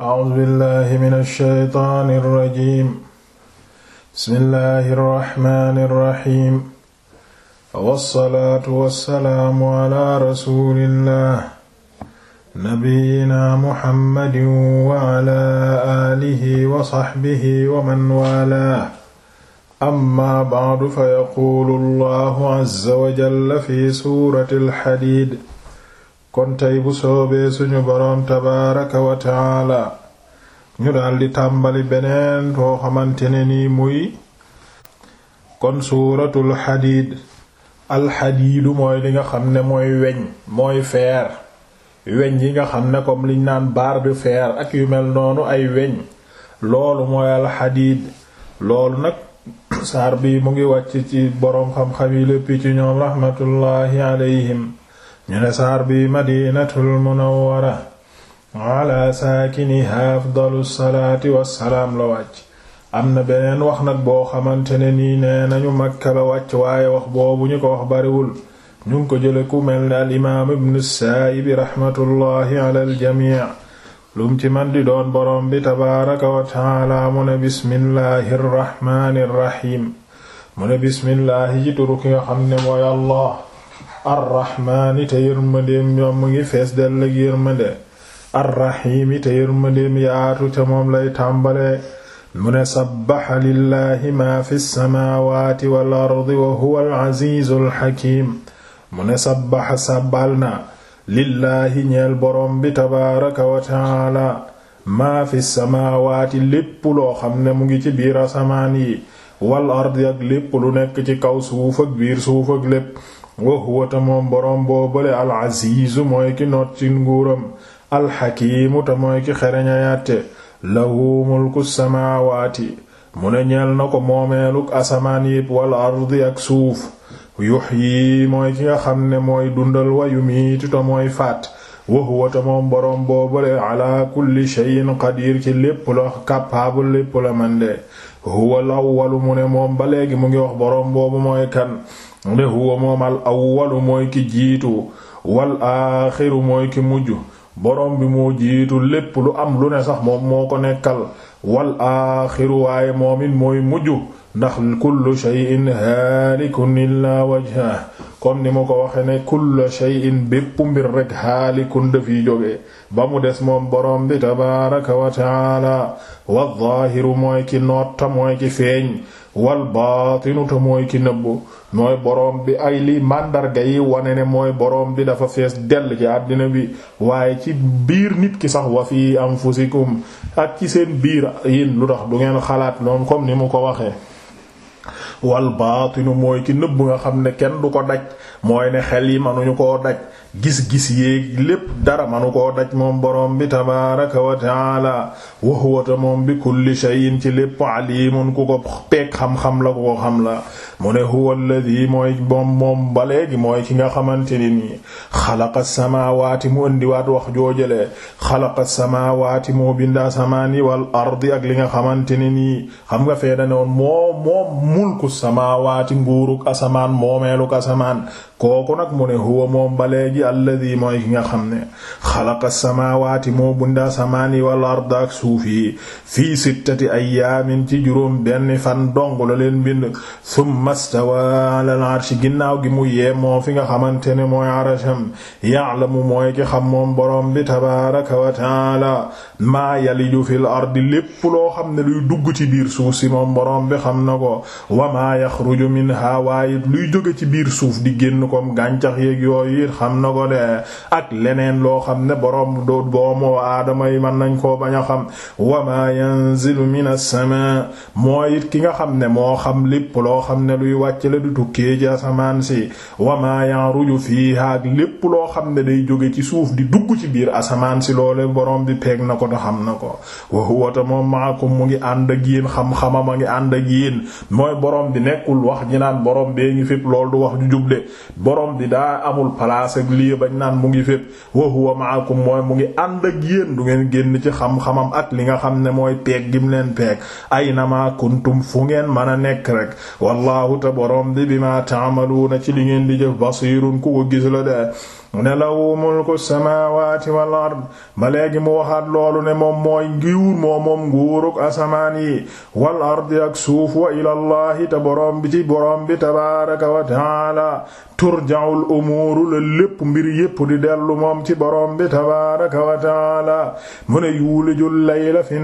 A'uuzu billaahi mina shaytaani rajiim. Bismillaahi rahmaani rahiim. Wassalaatu wassalaamu alaa rasuulillaah. Nabiyyinaa Muhammadin wa alaa aalihi wa sahbihi wa man waalaah. Ammaa ba'du fa yaquulu Allaahu azza wa jalla fi suuratil Hadiid. kon tey bu soobee suñu boroom tabaaraka wa taala ñu di tàmbali beneen boo xamante ne nii muy kon suuratul xadiid alxadiidu mooy li nga xam ne mooy weñ mooy feer weñ yi nga xam ne ko liñ naan baar de fer ak yu mel noonu ay weñ loolu mooy alxadiid loolu nag saar bi mu ngi wàcc ci boroom xam-xam yi lépp ci ñoom raxmatullaahi alayhim ñu ne saar bi madinatul munawwara ala saakiniha afdalu salaati wassalaam la wàcc am na beneen wax nag boo xamante ne nii nee nañu makka la wàcc waaye wax boobu ñu ko wax bariwul ñu ko jële ku mel ne al imaam ibnu saayibi raxmatullaahi ala aljamii lum ci man di doon boroom bi tabaaraka wa taala mu ne bismillaahi rraxmaani mu ne bismillaahi ci turu xam ne mooy arrahmaani te yërmandeem ñoom mu ngi fees dell ak yërmande arrahiimi te yërmandeem yaatu te moom lay tàmbale mu ne sabbaxa lillahi maa fi samaawaati wal ardi wa huwa al aziizul hakiim mu ne sabbaxa sàbbal na lillaahi ñeel boroom bi tabaaraka wa taala maa fi samaawaati lépp loo xam ne mu ngi ci biir asamaan yi wal ardi ak lépp lu nekk ci kaw suuf ak biir suuf ak lépp wa huwa ta moom boroom boobale al-aziizu mooy ki noot ci nguuram alxakiimu ta mooy ki xereña yatte lahu mulku samaawaati mu ne ñeel na ko moomeeluk asamaan yépp wal ardi ak suuf yuhyi mooy ki nga xam ne mooy dundal wa yumiitu ta mooy faat wa huwa ta moom boroom boobale ala kulli shay'in qadir ci lépp la capable lépp la man de huwa al mu ne moom ba léegi mu ngi wax borom boobu mooy kan nde huwa moom al awwalu mooy ki jiitu wal aaxiru mooy ki mujj borom bi moo jiitu lépp lu am lu ne sax moom moo ko nekkal wal aaxiru waaye moom it mooy mujj ndax kullu shay'in haalikun illaa wajhahu comme ni ma ko waxe ne kullu shay'in bépp mbir rek haalikun dafiy jóge ba mu des moom boroom bi tabaaraka wa taala wa mooy ki nootta mooy ki feeñ wal mooy ki nëbbu mooy boroom bi ay lii màndarga yi wane ne mooy boroom bi dafa fees dell ci àddina bi waaye ci biir nit ki sax am fi anfusikum ak ci seen biir yin lu tax du ngeen xalaat noonu comme ni mu ko waxee wal baatinu mooy ki nëbb nga xam ne kenn du ko daj mooy ne xel yi manuñu koo daj gis-gis yéeg lépp dara manu koo daj moom boroom bi tabaaraka wa taala wa huwa moom bi kulli shay'in ci lépp alimun ku ko peek xam-xam la ku ko xam la mo ne huwa alladhi mooy moom moom ba léegi mooy ki nga xamante ne nii xalaqa samaawaati mu ëndiwaat wax joojalee xalaqa samaawaati moo bindaa samaan yi wal ardi ak li nga xamante ne nii xam nga fee dane woon moom moom mulku samaawaati nguuruk asamaan moomeeluk asamaan kooku nag mu ne huwa moom ba léegi alladhi mooy ki nga xam ne xalaqa samaawaati moo bindaa samaan yi wal ak suuf yi fii sittati ayyaamin ci juróom benn fan dong la leen bind summa summa stawa ala al-arsh ginnaaw gi mu yee moo fi nga xamante ne mooy arsham ya'lamu mooy ki xam moom boroom bi tabaaraka wa taala maa yaliju fil ardi lépp loo xam ne luy dugg ci biir suuf si moom boroom bi xam na ko wa maa yaxruju minhaa waaye luy jóge ci biir suuf di génn comme gàncax yeeg yooyu it xam na ko de ak leneen loo xam ne boroom doo doomu aadama yi mën nañ koo bañ a xam wa maa yanzilu minas samaa mooy it ki nga xam ne moo xam lépp loo xam ne luy wàcc la di tukkee ci asamaan si wa maa ya'ruju fiihaa ak lépp loo xam ne day jóge ci suuf di dugg ci biir asamaan si loole boroom bi peeg na ko te xam na ko wa huwa moom maakum mu ngi ànd ak yéen xam-xamam a ngi ànd ak yéen mooy borom bi nekkul wax ñi naan borom bee ngi fépp lool du wax ju jub de bi daa amul place ak bañ naan mu ngi fépp wa huwa maakum mooy mu ngi ànd yéen du ngeen génn ci xam-xamam ak li nga xam ne mooy peeg gim leen peeg ay na maa kuntum fu ngeen mën a nekk rek wallahu wallaahu a boroom di bi ma taamaluuna ci li ngeen di jëf basiirun ku ko gis la de mu ne lahu mulku samaawaati wal ard ba léegi mu waxaat loolu ne moom mooy nguur moo moom nguuruk asamaan yi wal ard ak suuf wa ilallahi te boroom bi ci boroom bi tabaaraka wa taala turja'ul umuuru la lépp mbir yépp di dellu moom ci boroom bi tabaaraka wa taala mu ne yuulijul layla fi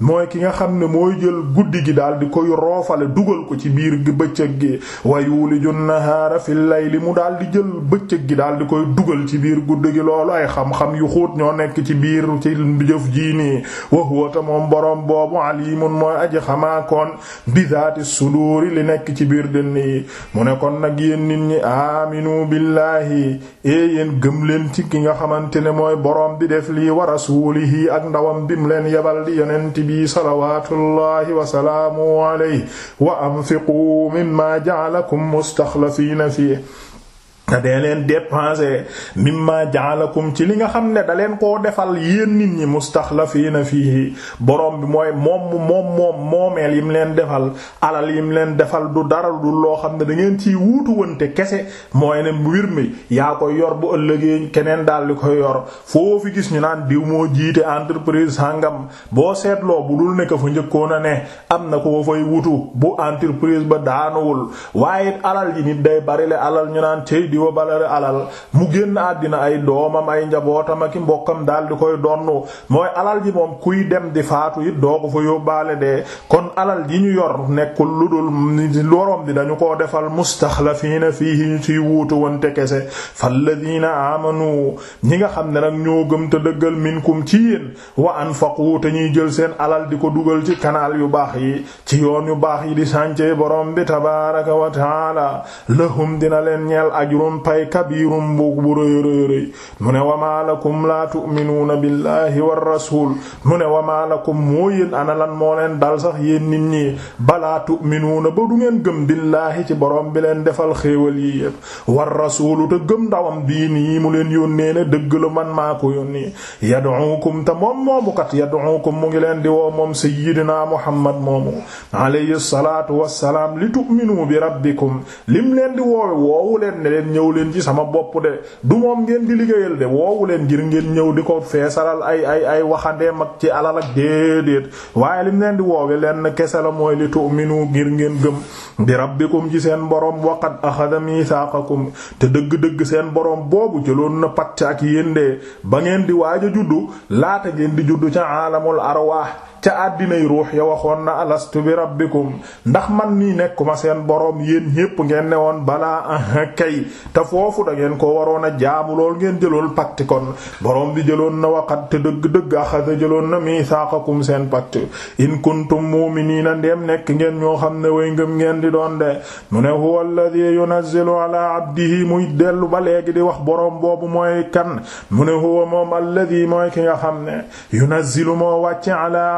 mooy ki nga xam ne mooy jël guddi gi daal di koy roofale dugal ko ci biir gi bëccëg gi wa yuulijun nahaara fil mu daldi di jël bëccëg gi daal di koy dugal ci biir guddi gi loolu ay xam-xam yu xóot ñoo nekk ci biir ci jëf jii nii wa huwa ta moom boroom boobu alimun mooy aji xamaakoon bizaati suduuri li nekk ci biir dënn yi mu ne kon nag yéen nit ñi aminu billahi e yéen gëm leen ci ki nga xamante ne mooy boroom bi def lii wa rasuulihi ak ndawam bi mu leen yebal di yonent bi salawaatullahi wa salaamu alayhi wa anfiqu mimma ja'alakum mustaxlafiina fiihi te dee leen dépenser mimma jaalakum ci li nga xam ne da leen koo defal yéen nit ñi mustaxlafiina fiihi borom bi mooy moom moom moom moomeel yim leen defal alal yim leen defal du dara du loo xam ne da ngeen ciy wuutu wante kese mooy ne mbir mi yaa koy yor bu ëllëgee keneen daal di koy yor foofu gis ñu naan diw moo jiite entreprise sangam boo seetloo bu dul ne ko fa njëkkoon a ne am na ko fay wutu bu entreprise ba daanuwul waaye alal ji nit day bari le alal ñu naan tey diwa balare alal mu génn àddina ay doomam ay njabootam ak mbokkam daal di koy donnu mooy alal ji moom kuy dem di faatu it doo ko fa yóbbaale de kon alal ji ñu yor nekkul lu dul lorom di dañu koo defal mustaxlafiina fiihi ñu ciy wuutu wante kese falladiina aamanu ñi nga xam ne nag ñoo gëm te dëggal minkum ci yéen wa anfaqu te jël seen alal di ko dugal ci kanaal yu baax yi ci yoon yu baax yi di sànce borom bi tabaaraka wa taala dina leen ñeel ajru moom pay kabirum bu bu rëy rëy rëy mu ne wamaa lakum laa tu'minuuna billaahi war rasuul mu ne wamaa lakum moo yéen ana lan moo leen dal sax yéen nit ñi balaa tu'minuuna ba du ngeen gëm billaahi ci borom bi leen defal xéewal yi yépp war rasuulu te gëm ndawam bii nii mu leen yónnee ne dëgg lu man maa ko yónnee yad'ukum te moom moomu kat yad'ukum mu ngi leen di woo moom sayyidina Muhammad moomu alayhi salaatu wassalaam li tu'minu bi rabbikum lim leen di woowe woowu leen ne leen ñëw leen ci sama bopp de du moom ngeen di liggéeyal de woowu leen ngir ngeen ñëw di ko feesalal ay ay ay waxandeem ak ci alal ak déedéet waaye lim leen di woowe leen kese la mooy li tu'minu ngir ngeen gëm bi rabbikum ci seen borom waqad akhadha mithaqakum te dëgg-dëgg seen boroom boobu jëloon na pacc ak yéen de ba ngeen di waaj a juddu laata ngeen di juddu ca alamul arwah ca àddinay ruux ya waxoon na alastu bi rabbikum ndax man nii nekkuma seen boroom yéen ñépp ngeen ne woon balaa ah kay te foofu dangeen ko waroon a jaamu lool ngeen jëlool pacte kon boroom bi jëloon na waqat te dëgg dëgg axasa jëloon na mi miisaaqakum seen pacte in kuntum mu'minina ndeem nekk ngeen ñoo xam ne way ngëm ngeen di doon de mu ne huwa alladhi yunazzilu ala abdihi muy dellu ba léegi di wax boroom boobu mooy kan mu ne huwa moom alladhi mooy ki nga xam ne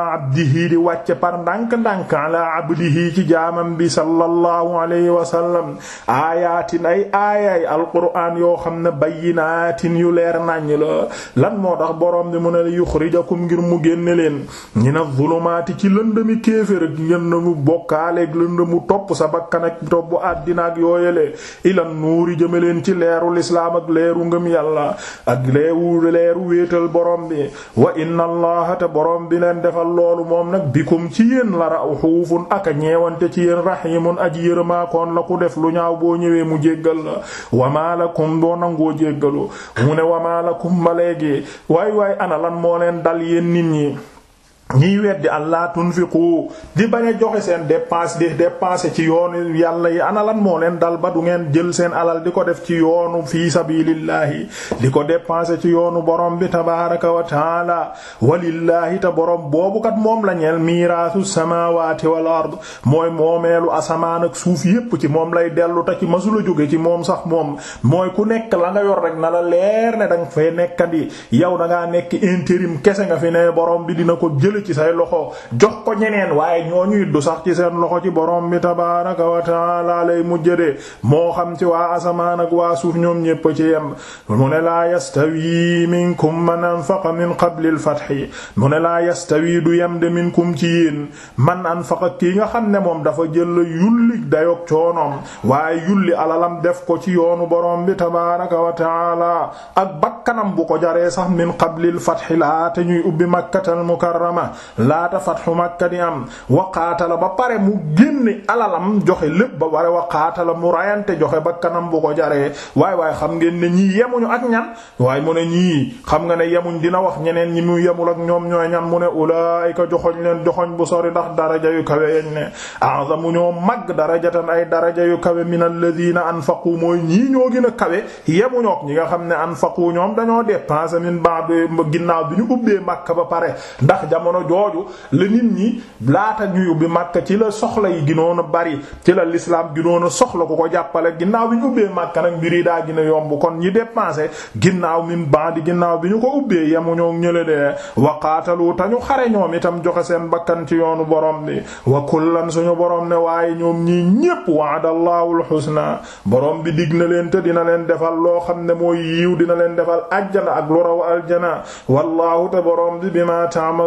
ala abdihi di wàcce par ndànk-ndànk ala abdihi ci jaamam bi sallallahu alayhi wa sallam aayaatin ay aayaay alquraan yoo xam ne bayyinaatin yu leer naññ la lan moo tax boroom bi mu ne yuxrijakum ngir mu génne leen mina zulumaati ci lëndëmi kéefër ak lëndëmu bokkaaleeg mu topp sa bakkan ak topp àddina ak yooyale ilan nuuri jëme leen ci leeru lislaam ak leeru ngëm yàlla ak leewu leeru wéetal boroom bi wa inna te boroom bi loolu moom nag bikum ci yéen la raxuufun aka ñeewante ci yéen raxiimun aji yërëmaakoon la ku def lu ñaaw boo ñëwee mu jéggal la wamaa la lakum boo nangoo jéggalu mu ne wamaa lakum ba léegi waay waay ana lan moo leen dal yéen nit ñi ñiy weddi allah tunfiqu di bañ a joxe seen dépense de dépenser ci yoonu yàlla yi ana lan moo leen dal ba du ngeen jël seen alal di ko def ci yoonu fi sabilillahi di ko dépenser ci yoonu borom bi tabaraka wa taala walillahi te borom boobu kat moom la ñeel miiraasu samawati wal ard mooy moomeelu asamaan ak suuf yépp ci moom lay dellu te ci masula jóge ci moom sax moom mooy ku nekk la nga yor rek na la leer ne danga fay nekkandi yow da nekk intérim kese nga jële ci say loxo jox ko ñeneen waaye ñoo ñuy du sax ci seen loxo ci borom bi tabaaraka wa taala lay mujjadee moo xam ci waa asamaan ak waa suuf ñoom ñépp ci yem mu ne laa yastawi minkum man anfaqa min qabli al-fathi mu ne laa yastawi du yem de minkum ci yéen man anfaqa kii nga xam ne moom dafa jël yulli dayok coonoom waaye yulli alalam def ko ci yoonu borom bi tabaaraka wa ak bakkanam bu ko jaree sax min qablil fathi laata ñuy ubbi makkatal mukarrama ans laata fatxu Makka di am waqaatala ba pare mu génne alalam joxe lépp ba ware waqaatala mu rayante joxe ba kanam bu ko jaree waaye waaye xam ngeen ne ñi yemuñu ak ñan waaye mu ne ñii xam nga ne yemuñ dina wax ñeneen ñi mu yemul ak ñoom ñooy ñan mu ne ulaayika joxoñ leen joxoñ bu sori ndax daraja yu kawe yañ ne a'zamu ñoo mag darajatan ay daraja yu kawe min alladhina anfaqu mooy ñii ñoo gën a kawe yemuñook ñi nga xam ne anfaqu ñoom dañoo dépenser ginnaaw bi ñu ubbee Makka ba pare ndax jamono jamono jooju la nit ñi laata ñuy ubbi Makka ci la soxla yi ginoon a bari ci la l'islam ginoon a soxla ku ko jàppale ginnaaw bi ñu ubbee makk nag mbir yi daa gën a yomb kon ñi dépensé ginnaaw min bandi ginnaaw bi ñu ko ubbee yemuñoo ñële de waqaatalu te ñu xare ñoom itam joxe seen bakkan ci yoonu borom bi wa kullan suñu boroom ne waaye ñoom ñii ñépp wa'adallahu al-husna borom bi dig na leen te dina leen defal loo xam ne mooy yiw dina leen defal ajjana ak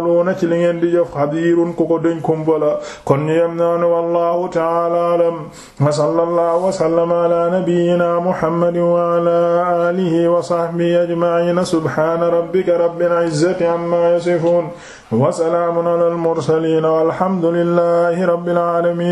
lu ci li ngeen di jëf xabiirun ku ko deñ kumbala kon ñu yem noonu wallahu ta'ala alam wa sallallahu wa sallama ala nabiyyina muhammadin wa ala alihi wa sahbihi ajma'in subhana rabbika rabbil izzati amma yasifun wa salamun ala al mursalin walhamdulillahi rabbil alamin